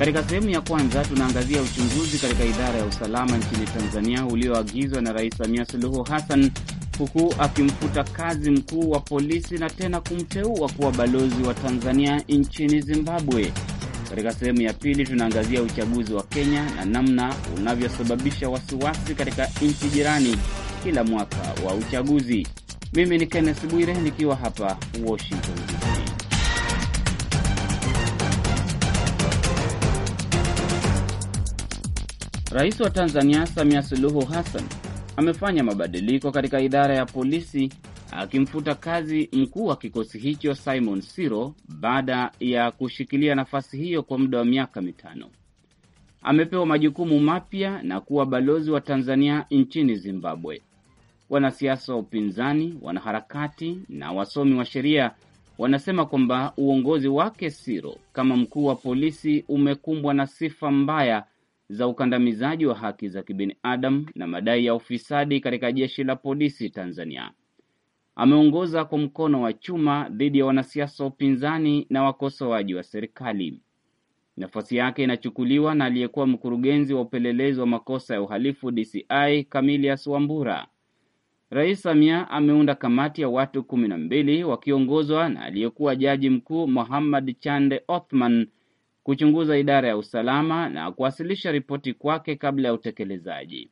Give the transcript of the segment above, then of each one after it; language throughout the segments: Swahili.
Katika sehemu ya kwanza tunaangazia uchunguzi katika idara ya usalama nchini Tanzania ulioagizwa na Rais Samia Suluhu Hassan, huku akimfuta kazi mkuu wa polisi na tena kumteua kuwa balozi wa Tanzania nchini Zimbabwe. Katika sehemu ya pili tunaangazia uchaguzi wa Kenya na namna unavyosababisha wasiwasi katika nchi jirani kila mwaka wa uchaguzi. Mimi ni Kenneth Bwire nikiwa hapa Washington DC. Rais wa Tanzania Samia Suluhu Hassan amefanya mabadiliko katika idara ya polisi akimfuta kazi mkuu wa kikosi hicho Simon Siro baada ya kushikilia nafasi hiyo kwa muda wa miaka mitano. Amepewa majukumu mapya na kuwa balozi wa Tanzania nchini Zimbabwe. Wanasiasa wa upinzani, wanaharakati na wasomi wa sheria wanasema kwamba uongozi wake Siro kama mkuu wa polisi umekumbwa na sifa mbaya za ukandamizaji wa haki za kibinadamu na madai ya ufisadi katika jeshi la polisi Tanzania. Ameongoza kwa mkono wa chuma dhidi ya wanasiasa wa upinzani na wakosoaji wa serikali. Nafasi yake inachukuliwa na aliyekuwa mkurugenzi wa upelelezi wa makosa ya uhalifu DCI Camillus Wambura. Rais Samia ameunda kamati ya watu kumi na mbili wakiongozwa na aliyekuwa jaji mkuu Mohammad Chande Othman kuchunguza idara ya usalama na kuwasilisha ripoti kwake kabla ya utekelezaji.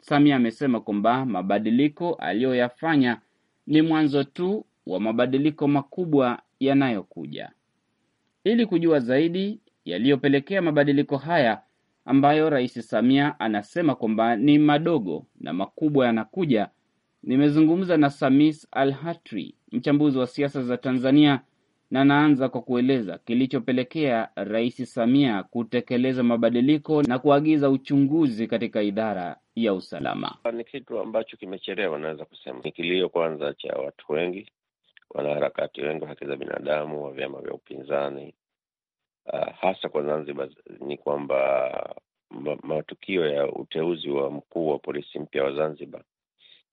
Samia amesema kwamba mabadiliko aliyoyafanya ni mwanzo tu wa mabadiliko makubwa yanayokuja. Ili kujua zaidi yaliyopelekea mabadiliko haya ambayo Rais Samia anasema kwamba ni madogo na makubwa yanakuja, nimezungumza na Samis Al Hatri, mchambuzi wa siasa za Tanzania na naanza kwa kueleza kilichopelekea Rais Samia kutekeleza mabadiliko na kuagiza uchunguzi katika idara ya usalama. Ni kitu ambacho kimechelewa, naweza kusema ni kilio kwanza cha watu wengi, wanaharakati wengi wa haki za binadamu, wa vyama vya upinzani uh, hasa kwa Zanzibar ni kwamba matukio ya uteuzi wa mkuu wa polisi mpya wa Zanzibar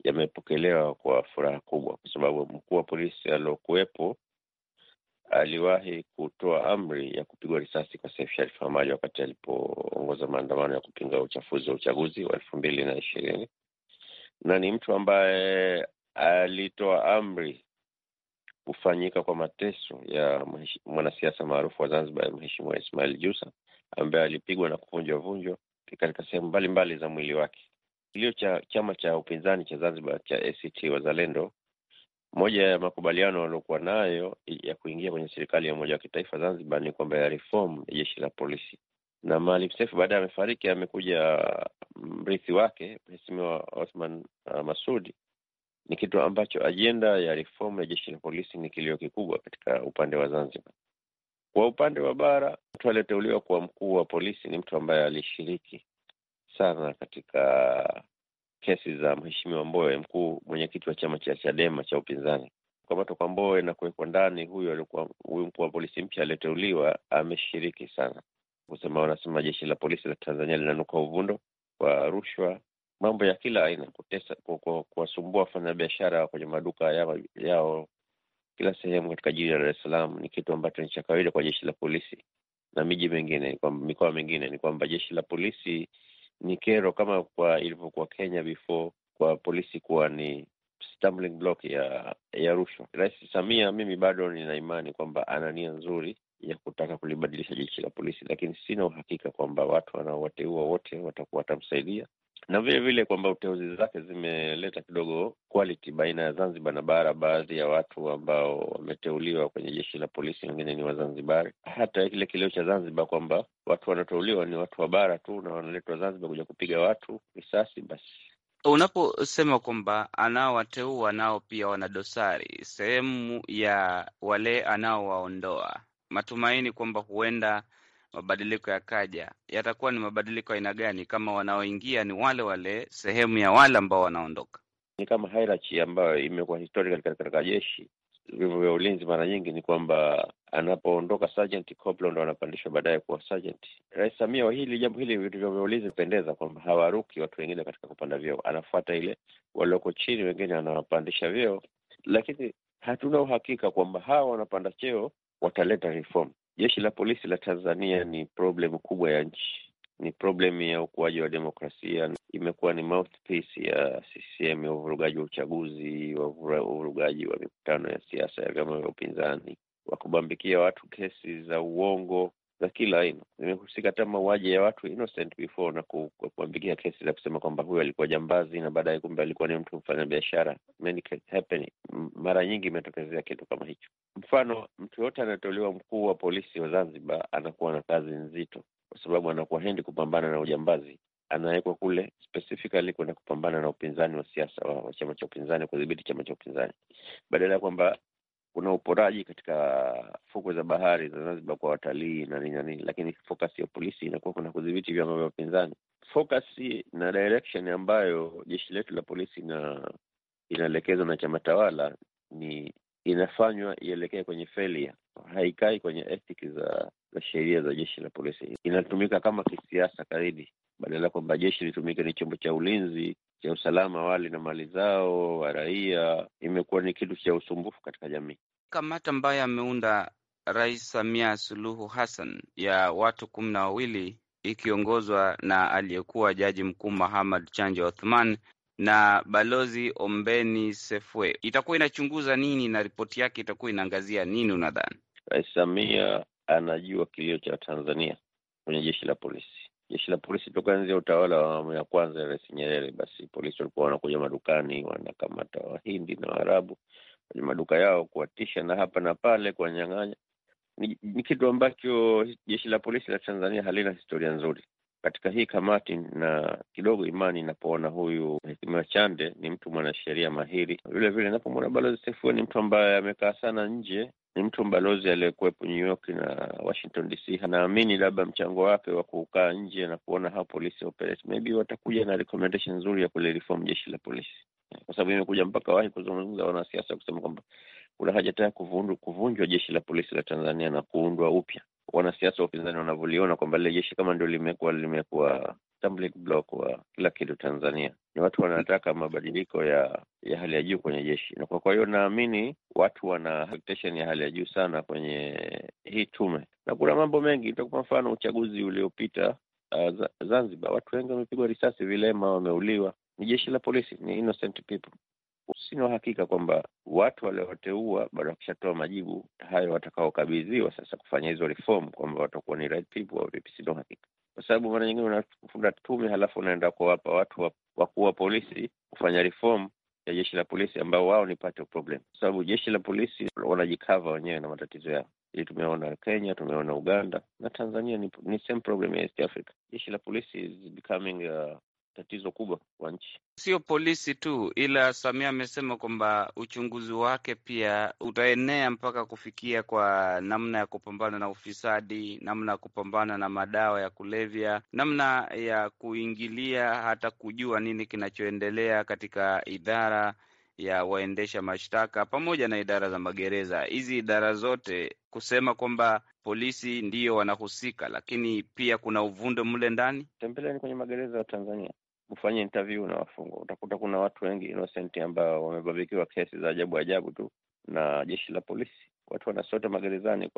yamepokelewa kwa furaha kubwa, kwa sababu mkuu wa polisi aliokuwepo aliwahi kutoa amri ya kupigwa risasi kwa Seif Sharif Hamad wakati alipoongoza maandamano ya kupinga uchafuzi wa uchaguzi wa elfu mbili na ishirini na ni mtu ambaye alitoa amri kufanyika kwa mateso ya mwanasiasa maarufu wa Zanzibar, Mheshimiwa Ismail Jusa, ambaye alipigwa na kuvunjwa vunjwa katika sehemu mbalimbali za mwili wake. Kilio cha chama cha upinzani cha Zanzibar cha ACT Wazalendo moja ya makubaliano waliokuwa nayo ya kuingia kwenye serikali ya umoja wa kitaifa Zanzibar ni kwamba ya reform ya jeshi la polisi, na Maalim Seif baadaye amefariki, amekuja mm, mrithi wake Mheshimiwa Othman uh, Masudi. Ni kitu ambacho ajenda ya reform ya jeshi la polisi ni kilio kikubwa katika upande wa Zanzibar. Kwa upande wa bara, mtu aliyeteuliwa kuwa mkuu wa polisi ni mtu ambaye alishiriki sana katika kesi za Mheshimiwa mboe mkuu mwenyekiti wa chama cha Chadema cha upinzani kukamatwa kwa Mboe na kuwekwa ndani. Huyu alikuwa huyu mkuu wa polisi mpya aliyoteuliwa ameshiriki sana kusema, wanasema jeshi la polisi la Tanzania linanuka uvundo kwa rushwa, mambo ya kila aina, kutesa, kuwasumbua wafanyabiashara kwenye maduka yao, yao kila sehemu katika jiji la Dar es Salaam ni kitu ambacho ni cha kawaida kwa jeshi la polisi na miji mingine, mikoa mingine, ni kwamba jeshi la polisi ni kero kama kwa ilivyokuwa Kenya before kwa polisi kuwa ni stumbling block ya ya rushwa. Rais Samia, mimi bado nina imani kwamba ana nia nzuri ya kutaka kulibadilisha jeshi la polisi, lakini sina uhakika kwamba watu wanaowateua wote watakuwa watamsaidia na vile vile kwamba uteuzi zake zimeleta kidogo quality baina ya Zanzibar na bara. Baadhi ya watu ambao wameteuliwa kwenye jeshi la polisi wengine ni Wazanzibari. Hata kile kilio cha Zanzibar kwamba watu wanaoteuliwa ni watu wa bara tu na wanaletwa Zanzibar kuja kupiga watu risasi, basi Unaposema kwamba anaowateua nao pia wana dosari, sehemu ya wale anaowaondoa, matumaini kwamba huenda mabadiliko yakaja, yatakuwa ni mabadiliko aina gani kama wanaoingia ni wale wale sehemu ya wale ambao wanaondoka? Ni kama hierarchy ambayo imekuwa historical katika jeshi, vyombo vya ulinzi. Mara nyingi ni kwamba anapoondoka sergeant, corporal ndo anapandishwa baadaye kuwa sergeant. Rais Samia wa hili jambo hili, vitu vya ulinzi pendeza kwamba hawaruki watu wengine katika kupanda vyeo, anafuata ile walioko chini, wengine anawapandisha vyeo, lakini hatuna uhakika kwamba hawa wanapanda cheo wataleta reform. Jeshi la polisi la Tanzania ni problem kubwa ya nchi, ni problem ya ukuaji wa demokrasia. Imekuwa ni mouthpiece ya CCM ya uvurugaji wa uchaguzi, uvurugaji wa mikutano ya siasa ya vyama vya upinzani, wa kubambikia watu kesi za uongo za kila aina zimehusika hata mauaji ya watu innocent before na ku, ku, kuambikia kesi za kusema kwamba huyo alikuwa jambazi na baadaye kumbe alikuwa ni mtu mfanya biashara. Mara nyingi imetokezea kitu kama hicho. Mfano, mtu yoyote anayetolewa mkuu wa polisi wa Zanzibar anakuwa na kazi nzito, kwa sababu anakuwa hendi kupambana na ujambazi anawekwa kule specifically kwenda kupambana na upinzani wa siasa wa, wa chama cha upinzani, kudhibiti chama cha upinzani, badala ya kwamba kuna uporaji katika fukwe za bahari za Zanzibar kwa watalii na nini na nini, lakini focus ya polisi inakuwa kuna kudhibiti vyama vya upinzani. Focus na direction ambayo jeshi letu la polisi na inaelekezwa na chama tawala ni inafanywa ielekee kwenye failure, haikai kwenye ethics za za sheria za jeshi la polisi, inatumika kama kisiasa zaidi, badala ya kwamba jeshi litumike ni chombo cha ulinzi ya usalama wali na mali zao wa raia imekuwa ni kitu cha usumbufu katika jamii. Kamati ambayo ameunda Rais Samia Suluhu Hassan ya watu kumi na wawili ikiongozwa na aliyekuwa jaji mkuu Mahamad Chanja Othman na balozi Ombeni Sefue itakuwa inachunguza nini na ripoti yake itakuwa inaangazia nini? Unadhani Rais Samia anajua kilio cha Tanzania kwenye jeshi la polisi? jeshi la polisi toka enzi ya utawala wa awamu ya kwanza ya Rais Nyerere, basi polisi walikuwa wanakuja madukani wanakamata Wahindi na Waarabu kwenye maduka yao kuwatisha na hapa na pale kuwanyang'anya. Ni, ni kitu ambacho jeshi la polisi la Tanzania halina historia nzuri katika hii kamati, na kidogo imani inapoona huyu Mheshimiwa Chande ni mtu mwanasheria mahiri, vile vile napomwona Balozi Sefue ni mtu ambaye amekaa sana nje ni mtu mbalozi aliyekuwepo New York na Washington DC. Anaamini labda mchango wake wa kukaa nje na kuona how police operate, maybe watakuja na recommendation nzuri ya kulireform jeshi la polisi, kwa sababu imekuja mpaka wahi kuzungumza wanasiasa kusema kwamba kuna haja taya kuvunjwa jeshi la polisi la Tanzania na kuundwa upya. Wanasiasa wa upinzani wanavyoliona kwamba lile jeshi kama ndio limekuwa limekuwa stumbling block wa kila kitu Tanzania ni watu wanataka mabadiliko ya ya hali ya juu kwenye jeshi, na kwa hiyo naamini watu wana expectation ya hali ya juu sana kwenye hii tume, na kuna mambo mengi. Kwa mfano uchaguzi uliopita uh, Zanzibar, watu wengi wamepigwa risasi, vilema wameuliwa, ni jeshi la polisi, ni innocent people. Sina uhakika kwamba watu waliowateua bado wakishatoa majibu hayo watakaokabidhiwa sasa kufanya hizo reform kwamba watakuwa ni right people au vipi, sina uhakika kwa sababu mara nyingine unaunda tume halafu unaenda kuwapa watu wakuu wa polisi kufanya reform ya jeshi la polisi ambao wao ni part of problem, kwa sababu jeshi la polisi wanajikava wenyewe na matatizo yao. ili tumeona Kenya, tumeona Uganda na Tanzania ni, ni same problem ya East Africa. Jeshi la polisi is becoming a uh, tatizo kubwa kwa nchi, sio polisi tu. Ila Samia amesema kwamba uchunguzi wake pia utaenea mpaka kufikia kwa namna ya kupambana na ufisadi, namna ya kupambana na madawa ya kulevya, namna ya kuingilia hata kujua nini kinachoendelea katika idara ya waendesha mashtaka pamoja na idara za magereza. Hizi idara zote kusema kwamba polisi ndiyo wanahusika, lakini pia kuna uvundo mle ndani. Tembeleni kwenye magereza ya Tanzania, kufanya interview na wafungwa, utakuta kuna watu wengi innocent ambao wamebabikiwa kesi za ajabu ajabu tu na jeshi la polisi. Watu wanasota magerezani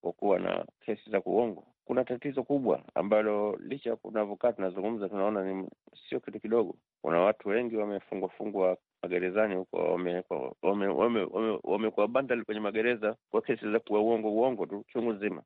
kwa kuwa na kesi za kuongo. Kuna tatizo kubwa ambalo licha ya tunavyokaa tunazungumza, tunaona ni sio kitu kidogo. Kuna watu wengi wamefungwafungwa magerezani huko, wamekuwa bandal bandali kwenye magereza kwa kesi za kuwa uongo uongo tu chungu nzima.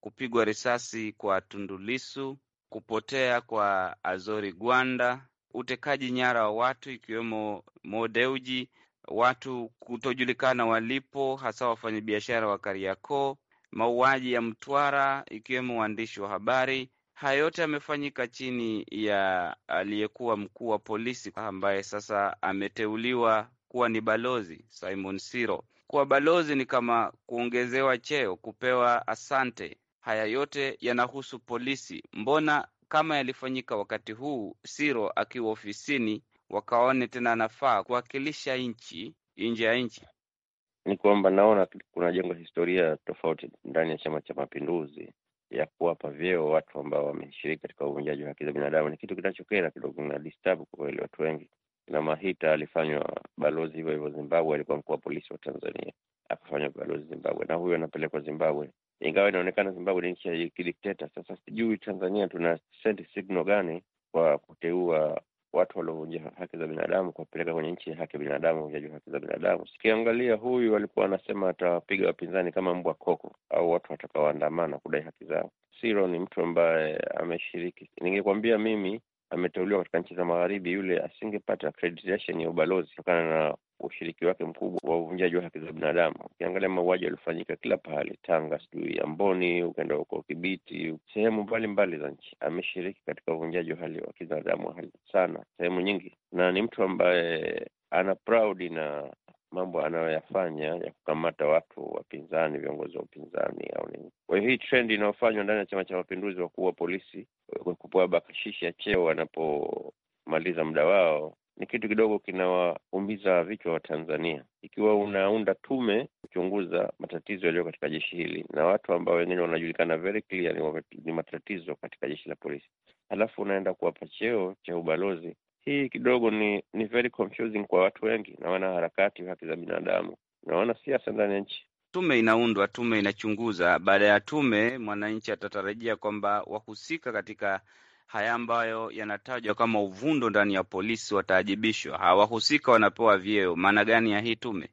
Kupigwa risasi kwa Tundulisu kupotea kwa Azori Gwanda, utekaji nyara wa watu ikiwemo Modeuji, watu kutojulikana walipo, hasa wafanyabiashara wa Kariakoo, mauaji ya Mtwara ikiwemo waandishi wa habari. Haya yote yamefanyika chini ya aliyekuwa mkuu wa polisi ambaye sasa ameteuliwa kuwa ni balozi Simon Siro. Kuwa balozi ni kama kuongezewa cheo, kupewa asante Haya yote yanahusu polisi, mbona kama yalifanyika wakati huu Siro akiwa ofisini, wakaone tena anafaa kuwakilisha nchi nje ya nchi? Ni kwamba naona kuna jengo historia tofauti ndani ya Chama cha Mapinduzi ya kuwapa vyeo watu ambao wameshiriki katika uvunjaji wa haki za binadamu. Ni kitu kinachokera kidogo, na disturb kwa kweli watu wengi. Na Mahita alifanywa balozi hivyo hivyo Zimbabwe, alikuwa mkuu wa polisi wa Tanzania akafanywa balozi Zimbabwe, na huyu anapelekwa Zimbabwe ingawa inaonekana Zimbabwe ni nchi ya kidikteta. Sasa sijui Tanzania tuna send signal gani kwa kuteua watu waliovunjia haki za binadamu kuwapeleka kwenye nchi ya haki ya binadamu, uvunjaji wa haki za binadamu. Sikiangalia huyu alikuwa anasema atawapiga wapinzani kama mbwa koko, au watu watakaoandamana kudai haki zao. Siro ni mtu ambaye ameshiriki. Ningekwambia mimi ameteuliwa katika nchi za magharibi, yule asingepata accreditation ya ubalozi kutokana na ushiriki wake mkubwa wa uvunjaji wa haki za binadamu. Ukiangalia mauaji yaliyofanyika kila pahali, Tanga, sijui Amboni, ukaenda huko Kibiti, sehemu mbalimbali za nchi, ameshiriki katika uvunjaji wa hali wa haki za binadamu sana, sehemu nyingi, na ni mtu ambaye ana proud na mambo anayoyafanya ya kukamata watu wapinzani, viongozi wa upinzani au nini. Kwa hiyo hii trendi inayofanywa ndani ya Chama cha Mapinduzi, wakuu wa polisi kupewa bakshishi ya cheo wanapomaliza muda wao ni kitu kidogo kinawaumiza vichwa wa Tanzania. Ikiwa unaunda tume kuchunguza matatizo yaliyo katika jeshi hili na watu ambao wengine wanajulikana very clear ni matatizo katika jeshi la polisi, halafu unaenda kuwapa cheo cha ubalozi hii kidogo ni ni very confusing kwa watu wengi na wanaharakati haki za binadamu na wanasiasa ndani ya nchi. Tume inaundwa, tume inachunguza. Baada ya tume, mwananchi atatarajia kwamba wahusika katika haya ambayo yanatajwa kama uvundo ndani ya polisi wataajibishwa. Hawahusika wanapewa vyeo. Maana gani ya hii tume?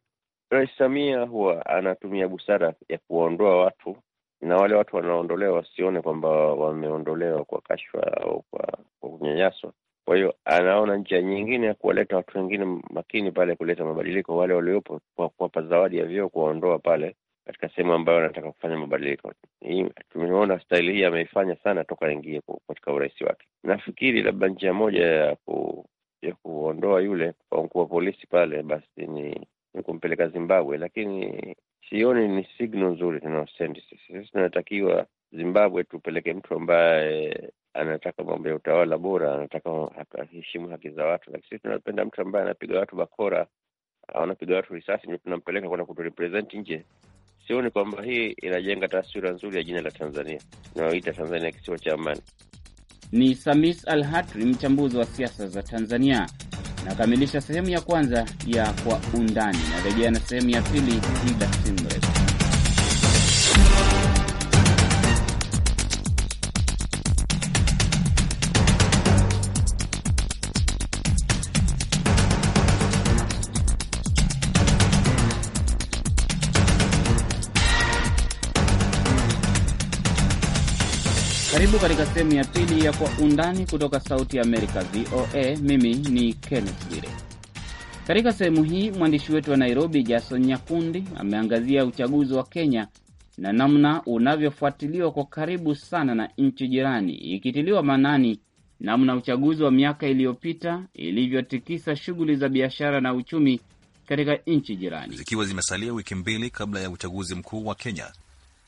Rais Samia huwa anatumia busara ya kuwaondoa watu na wale watu wanaondolewa wasione kwamba wameondolewa kwa kashfa au kwa, kwa kunyanyaswa. Kwa hiyo anaona njia nyingine ya kuwaleta watu wengine makini pale, kuleta mabadiliko wale waliopo, kwa kuwapa zawadi ya vyoo, kuwaondoa pale katika sehemu ambayo anataka kufanya mabadiliko. Tumeona staili hii ameifanya sana toka aingie katika urais wake. Nafikiri labda njia moja ya ku, ya kuondoa yule kwa mkuu wa polisi pale basi ni, ni kumpeleka Zimbabwe, lakini sioni ni signal nzuri tunaosendi sisi. Sisi tunatakiwa Zimbabwe tupeleke mtu ambaye anataka mambo ya utawala bora, anataka aheshimu haki za watu, lakini sisi tunapenda mtu ambaye anapiga watu bakora, anapiga watu risasi, ndio tunampeleka kwenda kuturepresent nje. Sioni kwamba hii inajenga taswira nzuri ya jina la Tanzania inayoita Tanzania kisiwa cha amani. Ni Samis Al Hatri, mchambuzi wa siasa za Tanzania. Nakamilisha sehemu ya kwanza ya Kwa Undani, narejea na sehemu ya pili muda si Karibu katika sehemu ya pili ya Kwa Undani kutoka Sauti ya Amerika, VOA. Mimi ni Kenneth Bwire. Katika sehemu hii mwandishi wetu wa Nairobi, Jason Nyakundi, ameangazia uchaguzi wa Kenya na namna unavyofuatiliwa kwa karibu sana na nchi jirani, ikitiliwa maanani namna uchaguzi wa miaka iliyopita ilivyotikisa shughuli za biashara na uchumi katika nchi jirani. Zikiwa zimesalia wiki mbili kabla ya uchaguzi mkuu wa Kenya,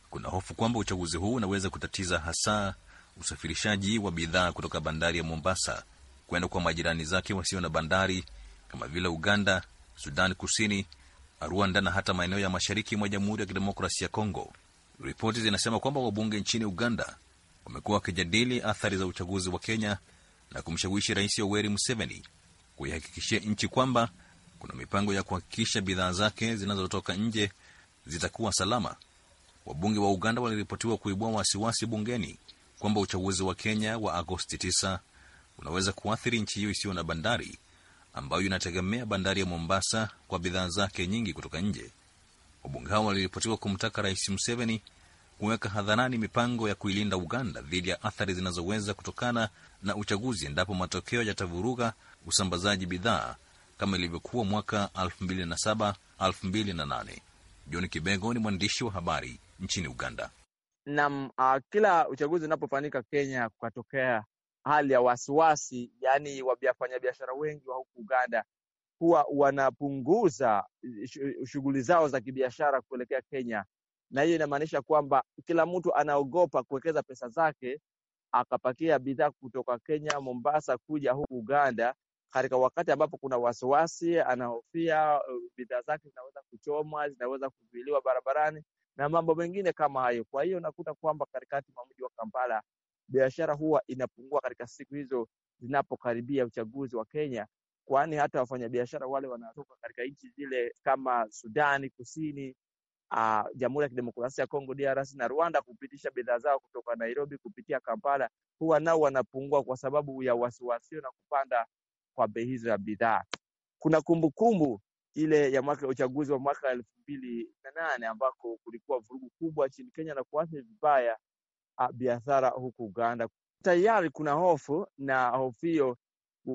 kuna hofu kwamba uchaguzi huu unaweza kutatiza hasa usafirishaji wa bidhaa kutoka bandari ya Mombasa kwenda kwa majirani zake wasio na bandari kama vile Uganda, Sudan Kusini, Rwanda na hata maeneo ya mashariki mwa Jamhuri ya Kidemokrasia ya Kongo. Ripoti zinasema kwamba wabunge nchini Uganda wamekuwa wakijadili athari za uchaguzi wa Kenya na kumshawishi Rais Yoweri Museveni kuihakikishia nchi kwamba kuna mipango ya kuhakikisha bidhaa zake zinazotoka nje zitakuwa salama. Wabunge wa Uganda waliripotiwa kuibua wasiwasi bungeni kwamba uchaguzi wa Kenya wa Agosti 9 unaweza kuathiri nchi hiyo isiyo na bandari ambayo inategemea bandari ya Mombasa kwa bidhaa zake nyingi kutoka nje. Wabunge hao waliripotiwa kumtaka Rais Museveni kuweka hadharani mipango ya kuilinda Uganda dhidi ya athari zinazoweza kutokana na uchaguzi endapo matokeo yatavuruga usambazaji bidhaa kama ilivyokuwa mwaka 2007 2008. John Kibego ni mwandishi wa habari nchini Uganda. Naam, uh, kila uchaguzi unapofanyika Kenya kukatokea hali ya wasiwasi, yaani wafanyabiashara wengi wa huku Uganda huwa wanapunguza eh, eh, shughuli zao za kibiashara kuelekea Kenya, na hiyo inamaanisha kwamba kila mtu anaogopa kuwekeza pesa zake akapakia bidhaa kutoka Kenya Mombasa kuja huku Uganda katika wakati ambapo kuna wasiwasi, anahofia eh, bidhaa zake zinaweza kuchomwa, zinaweza kuzuiliwa barabarani na mambo mengine kama hayo. Kwa hiyo unakuta kwamba katikati mwa mji wa Kampala biashara huwa inapungua katika siku hizo zinapokaribia uchaguzi wa Kenya, kwani hata wafanyabiashara wale wanatoka katika nchi zile kama Sudani Kusini, uh, Jamhuri ya Kidemokrasia ya Kongo DRC na Rwanda kupitisha bidhaa zao kutoka Nairobi kupitia Kampala huwa nao wanapungua kwa sababu ya wasiwasi na kupanda kwa bei hizo ya bidhaa. Kuna kumbukumbu ile ya mwaka uchaguzi wa mwaka elfu mbili na nane ambako kulikuwa vurugu kubwa nchini Kenya na kuathiri vibaya biashara huku Uganda. Tayari kuna hofu na hofu hiyo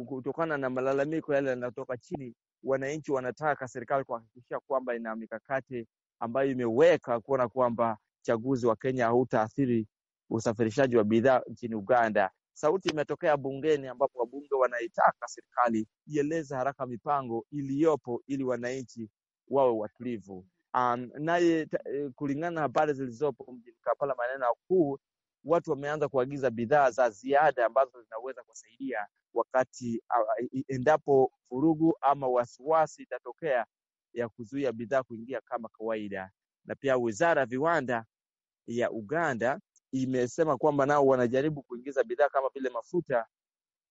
kutokana na malalamiko yale yanayotoka chini. Wananchi wanataka serikali kuhakikisha kwamba ina mikakati ambayo imeweka kuona kwamba uchaguzi wa Kenya hautaathiri usafirishaji wa bidhaa nchini Uganda. Sauti imetokea bungeni ambapo wabunge wanaitaka serikali ieleze haraka mipango iliyopo ili wananchi wawe watulivu. Um, naye e, kulingana na habari zilizopo mjini Kampala, maeneo kuu, watu wameanza kuagiza bidhaa za ziada ambazo zinaweza kusaidia wakati uh, endapo vurugu ama wasiwasi itatokea ya kuzuia bidhaa kuingia kama kawaida. Na pia wizara ya viwanda ya Uganda imesema kwamba nao wanajaribu kuingiza bidhaa kama vile mafuta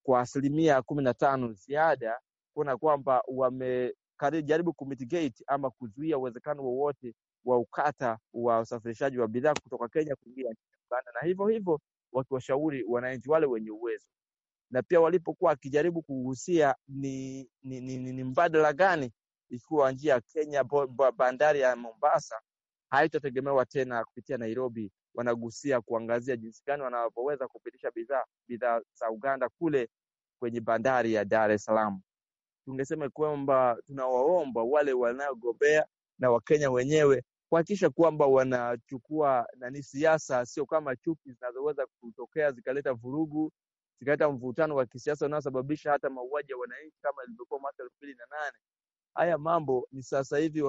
kwa asilimia kumi na tano ziada kuona kwamba wamejaribu kumitigate ama kuzuia uwezekano wowote wa ukata wa usafirishaji wa bidhaa kutoka Kenya kuingia nchini Uganda, na hivyo hivyo wakiwashauri wananchi wale wenye uwezo, na pia walipokuwa wakijaribu kuhusia ni, ni, ni, ni, ni mbadala gani ikiwa njia ya Kenya bandari ya Mombasa haitategemewa tena kupitia Nairobi wanagusia kuangazia jinsi gani wanavyoweza kupitisha bidhaa bidhaa za Uganda kule kwenye bandari ya Dar es Salaam. Tungesema kwamba tunawaomba wale wanaogombea na Wakenya wenyewe kuhakikisha kwamba wanachukua nani siasa, sio kama chuki zinazoweza kutokea zikaleta vurugu zikaleta mvutano wa kisiasa unaosababisha hata mauaji ya wananchi kama ilivyokuwa mwaka elfu mbili na nane haya mambo ni sasa hivi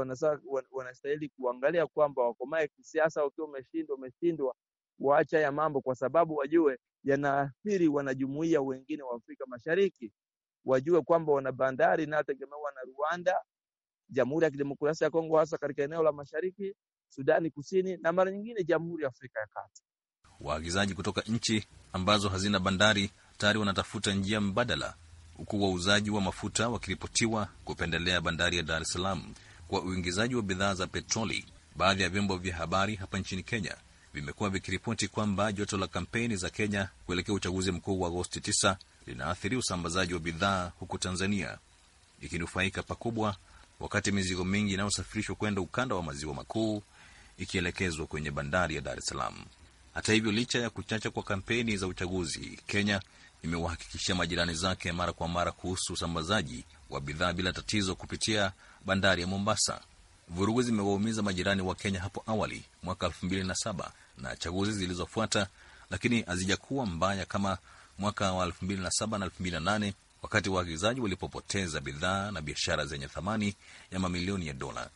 wanastahili kuangalia kwamba wakomae kisiasa. Wakiwa umeshindwa umeshindwa, waache haya mambo, kwa sababu wajue yanaathiri wanajumuia wengine wa Afrika Mashariki. Wajue kwamba wana bandari inayotegemewa na Rwanda, Jamhuri ya Kidemokrasia ya Kongo, hasa katika eneo la mashariki, Sudani Kusini na mara nyingine Jamhuri ya Afrika ya Kati. Waagizaji kutoka nchi ambazo hazina bandari tayari wanatafuta njia mbadala huku wauzaji wa mafuta wakiripotiwa kupendelea bandari ya Dar es Salaam kwa uingizaji wa bidhaa za petroli. Baadhi ya vyombo vya habari hapa nchini Kenya vimekuwa vikiripoti kwamba joto la kampeni za Kenya kuelekea uchaguzi mkuu wa Agosti 9 linaathiri usambazaji wa bidhaa, huku Tanzania ikinufaika pakubwa, wakati mizigo mingi inayosafirishwa kwenda ukanda wa maziwa makuu ikielekezwa kwenye bandari ya Dar es Salaam. Hata hivyo, licha ya kuchacha kwa kampeni za uchaguzi, Kenya imewahakikishia majirani zake mara kwa mara kuhusu usambazaji wa bidhaa bila tatizo kupitia bandari ya Mombasa. Vurugu zimewaumiza majirani wa Kenya hapo awali mwaka 27 na chaguzi zilizofuata, lakini hazijakuwa mbaya kama mwaka wa elfu na saba wakati waagizaji walipopoteza bidhaa na biashara zenye thamani ya mamilioni ya dola.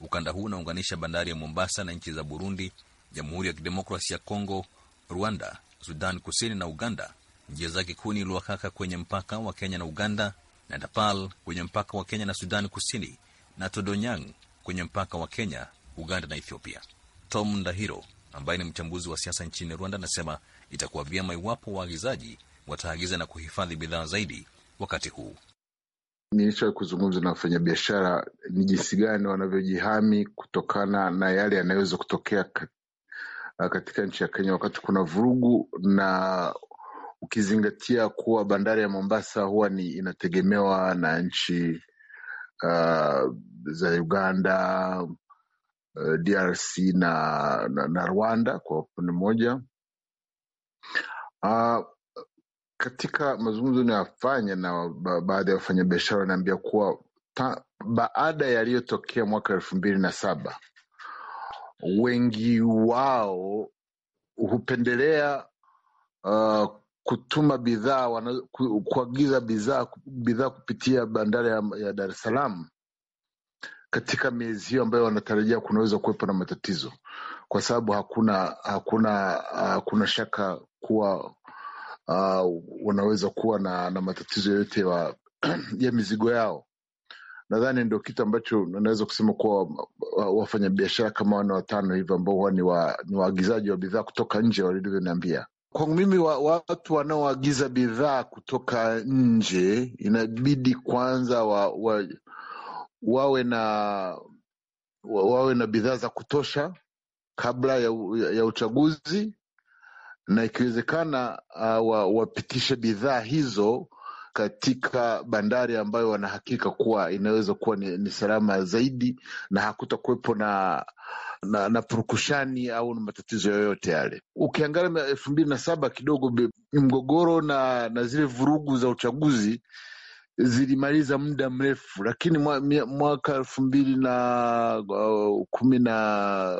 Ukanda huu unaunganisha bandari ya Mombasa na nchi za Burundi, Jamhuri ya Kidemokrasi ya Kongo, Rwanda, Sudan Kusini na Uganda njia zake kuu ni Luakaka kwenye mpaka wa Kenya na Uganda, na Dapal kwenye mpaka wa Kenya na Sudani Kusini, na Todonyang kwenye mpaka wa Kenya, Uganda na Ethiopia. Tom Ndahiro ambaye ni mchambuzi wa siasa nchini Rwanda anasema itakuwa vyema iwapo waagizaji wataagiza na kuhifadhi bidhaa zaidi wakati huu. Nilishawahi kuzungumza na wafanyabiashara ni jinsi gani wanavyojihami kutokana na yale yanayoweza kutokea katika nchi ya Kenya wakati kuna vurugu na ukizingatia kuwa bandari ya Mombasa huwa ni inategemewa na nchi uh, za Uganda uh, DRC na, na, na Rwanda kwa upande mmoja uh, katika mazungumzo inayofanya na baadhi ya wafanyabiashara wanaambia kuwa ta, baada yaliyotokea mwaka elfu mbili na saba wengi wao hupendelea uh, kutuma bidhaa ku, kuagiza bidhaa bidhaa kupitia bandari ya, ya Dar es Salaam katika miezi hiyo ambayo wanatarajia kunaweza kuwepo na matatizo, kwa sababu hakuna hakuna hakuna ah, shaka kuwa uh, wanaweza kuwa na, na matatizo yoyote ya, ya mizigo yao. Nadhani ndio kitu ambacho naweza kusema kuwa ah, wafanyabiashara kama wane watano hivyo ambao huwa ni waagizaji wa, wa bidhaa kutoka nje walivyoniambia Kwangu mimi wa, watu wanaoagiza bidhaa kutoka nje inabidi kwanza wa, wa, wawe na wa, wawe na bidhaa za kutosha kabla ya, ya uchaguzi na ikiwezekana uh, wapitishe wa bidhaa hizo katika bandari ambayo wanahakika kuwa inaweza kuwa ni, ni salama zaidi na hakutakuwepo na na, na purukushani au na matatizo yoyote yale. Ukiangalia elfu mbili na saba kidogo mgogoro na, na zile vurugu za uchaguzi zilimaliza muda mrefu, lakini mwaka elfu mbili na uh, kumi na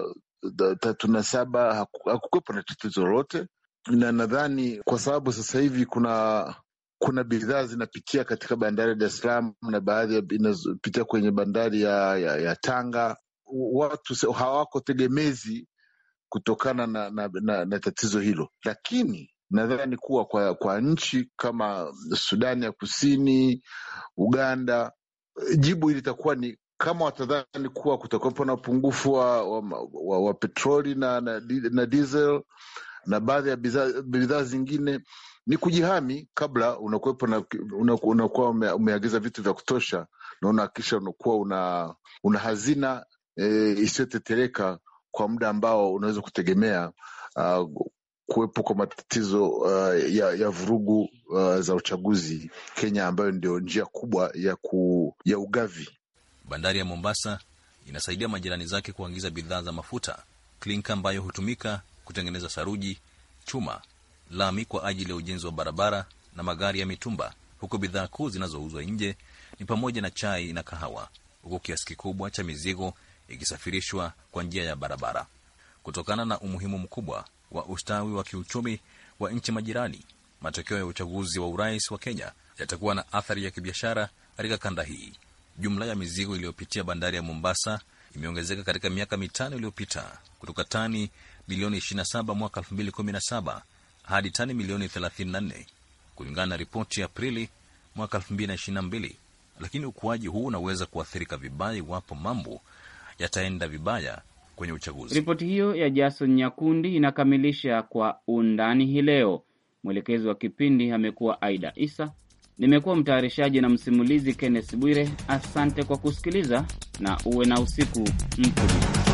tatu na saba hakukwepo na tatizo lolote, na nadhani kwa sababu sasa hivi kuna kuna bidhaa zinapitia katika bandari ya Dar es Salaam na baadhi inapitia kwenye bandari ya, ya, ya Tanga watu hawako tegemezi kutokana na, na, na, na tatizo hilo, lakini nadhani kuwa kwa, kwa nchi kama Sudani ya Kusini, Uganda, jibu litakuwa ni kama watadhani kuwa kutakuwepo na upungufu wa, wa, wa, wa petroli na, na, na diesel na baadhi ya bidhaa zingine, ni kujihami kabla unakuwepo na, unakuwa umeagiza vitu vya kutosha na unahakikisha unakuwa una, una hazina e, eh, isiyotetereka kwa muda ambao unaweza kutegemea uh, kuwepo kwa matatizo uh, ya, ya vurugu uh, za uchaguzi Kenya, ambayo ndio njia kubwa ya, ku, ya ugavi. Bandari ya Mombasa inasaidia majirani zake kuagiza bidhaa za mafuta, klinka ambayo hutumika kutengeneza saruji, chuma, lami kwa ajili ya ujenzi wa barabara na magari ya mitumba, huku bidhaa kuu zinazouzwa nje ni pamoja na chai na kahawa, huku kiasi kikubwa cha mizigo ikisafirishwa kwa njia ya barabara. Kutokana na umuhimu mkubwa wa ustawi wa kiuchumi wa nchi majirani, matokeo ya uchaguzi wa urais wa Kenya yatakuwa na athari ya kibiashara katika kanda hii. Jumla ya mizigo iliyopitia bandari ya Mombasa imeongezeka katika miaka mitano iliyopita kutoka tani milioni 27 mwaka 2017 hadi tani milioni 34 kulingana na ripoti ya Aprili mwaka 2022, lakini ukuaji huu unaweza kuathirika vibaya iwapo mambo yataenda vibaya kwenye uchaguzi. Ripoti hiyo ya Jason Nyakundi inakamilisha kwa undani hii leo. Mwelekezi wa kipindi amekuwa Aida Isa, nimekuwa mtayarishaji na msimulizi Kenneth Bwire. Asante kwa kusikiliza na uwe na usiku mtulivu.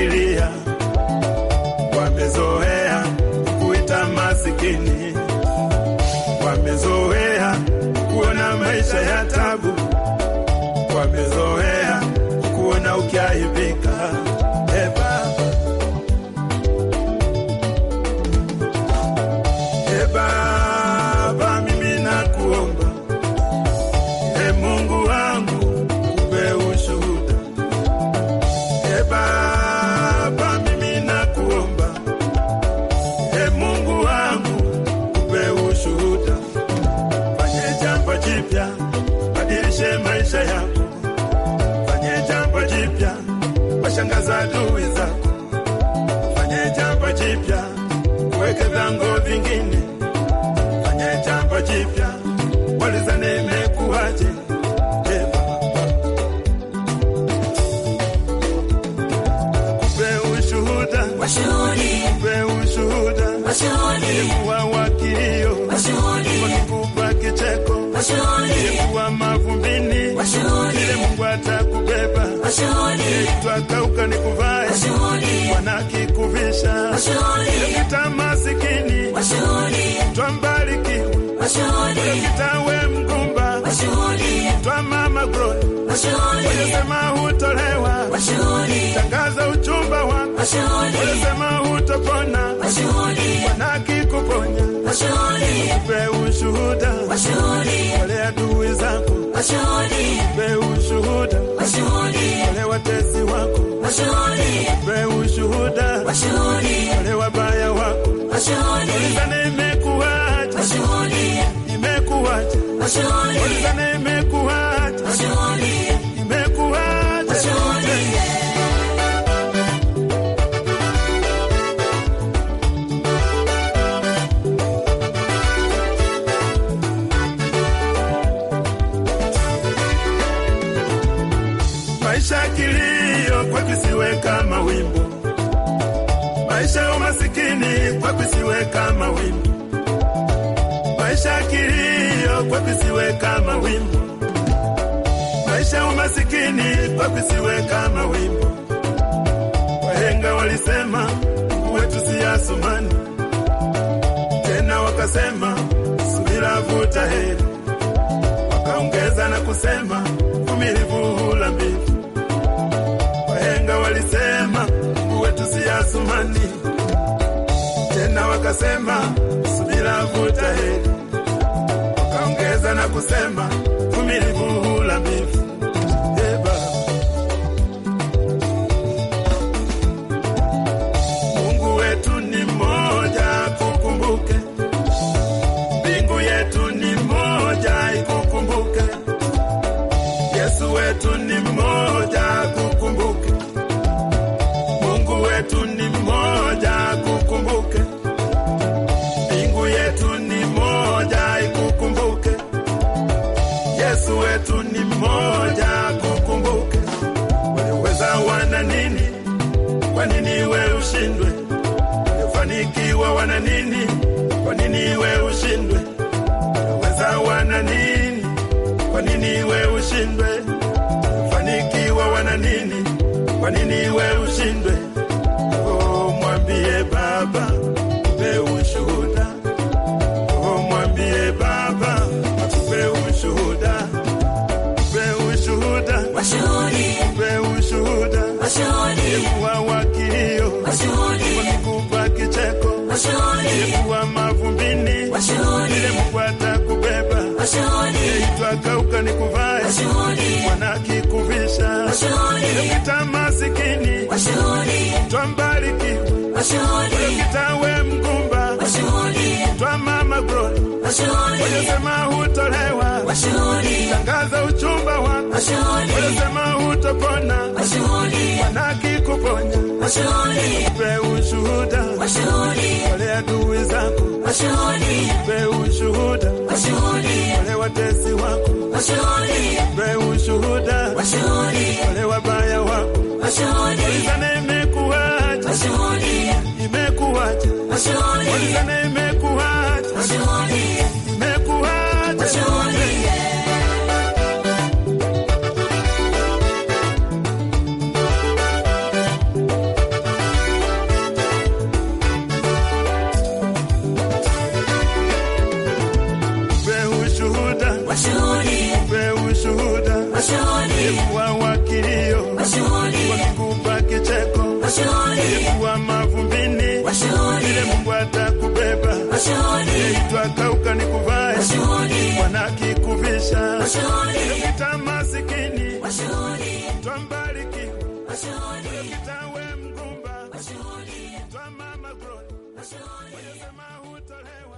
Yeah. adui zako, fanye jambo jipya, weke vyango vingine, fanye jambo jipya, waliza nimekuaje kicheko, mavumbi twatauka ni kuvae wanakikuvisha kita masikini twambariki we mgumba twa mama gro walisema hutolewa tangaza uchumba wako walisema hutopona wanakikuponya upe ushuhuda wenzako, washuhudie ushuhuda, wale watesi wako, washuhudie ushuhuda, wale wabaya wako, ulizane imekuwaje, imekuwaje kama wimbo, maisha kilio kwako isiwe kama wimbo, maisha umasikini kwako isiwe kama wimbo. Wahenga walisema uwe tusiyasumani, tena wakasema subira vuta heri, wakaongeza na kusema vumilivu hula mbivu. Wahenga walisema uwe asumani na wakasema subira vuta heri, wakaongeza na kusema vumilivu ushindwe? Ufanikiwa wana nini? Kwa nini we ushindwe? Weza wana nini? Kwa nini we ushindwe? Ufanikiwa wana nini? Kwa nini we ushindwe? nilikuwa mavumbini, nilikufuata kubeba, niliitwa kauka nikuvae, mwana kikuvisha, nilikuita masikini, twambarikiwa, nilikuita we mgumba, twa mama bro waliosema hutolewa, tangaza uchumba wako, waliosema hutopona, wanakikuponya, pe ushuhuda, ole adui zako, pe ushuhuda, ole watesi wako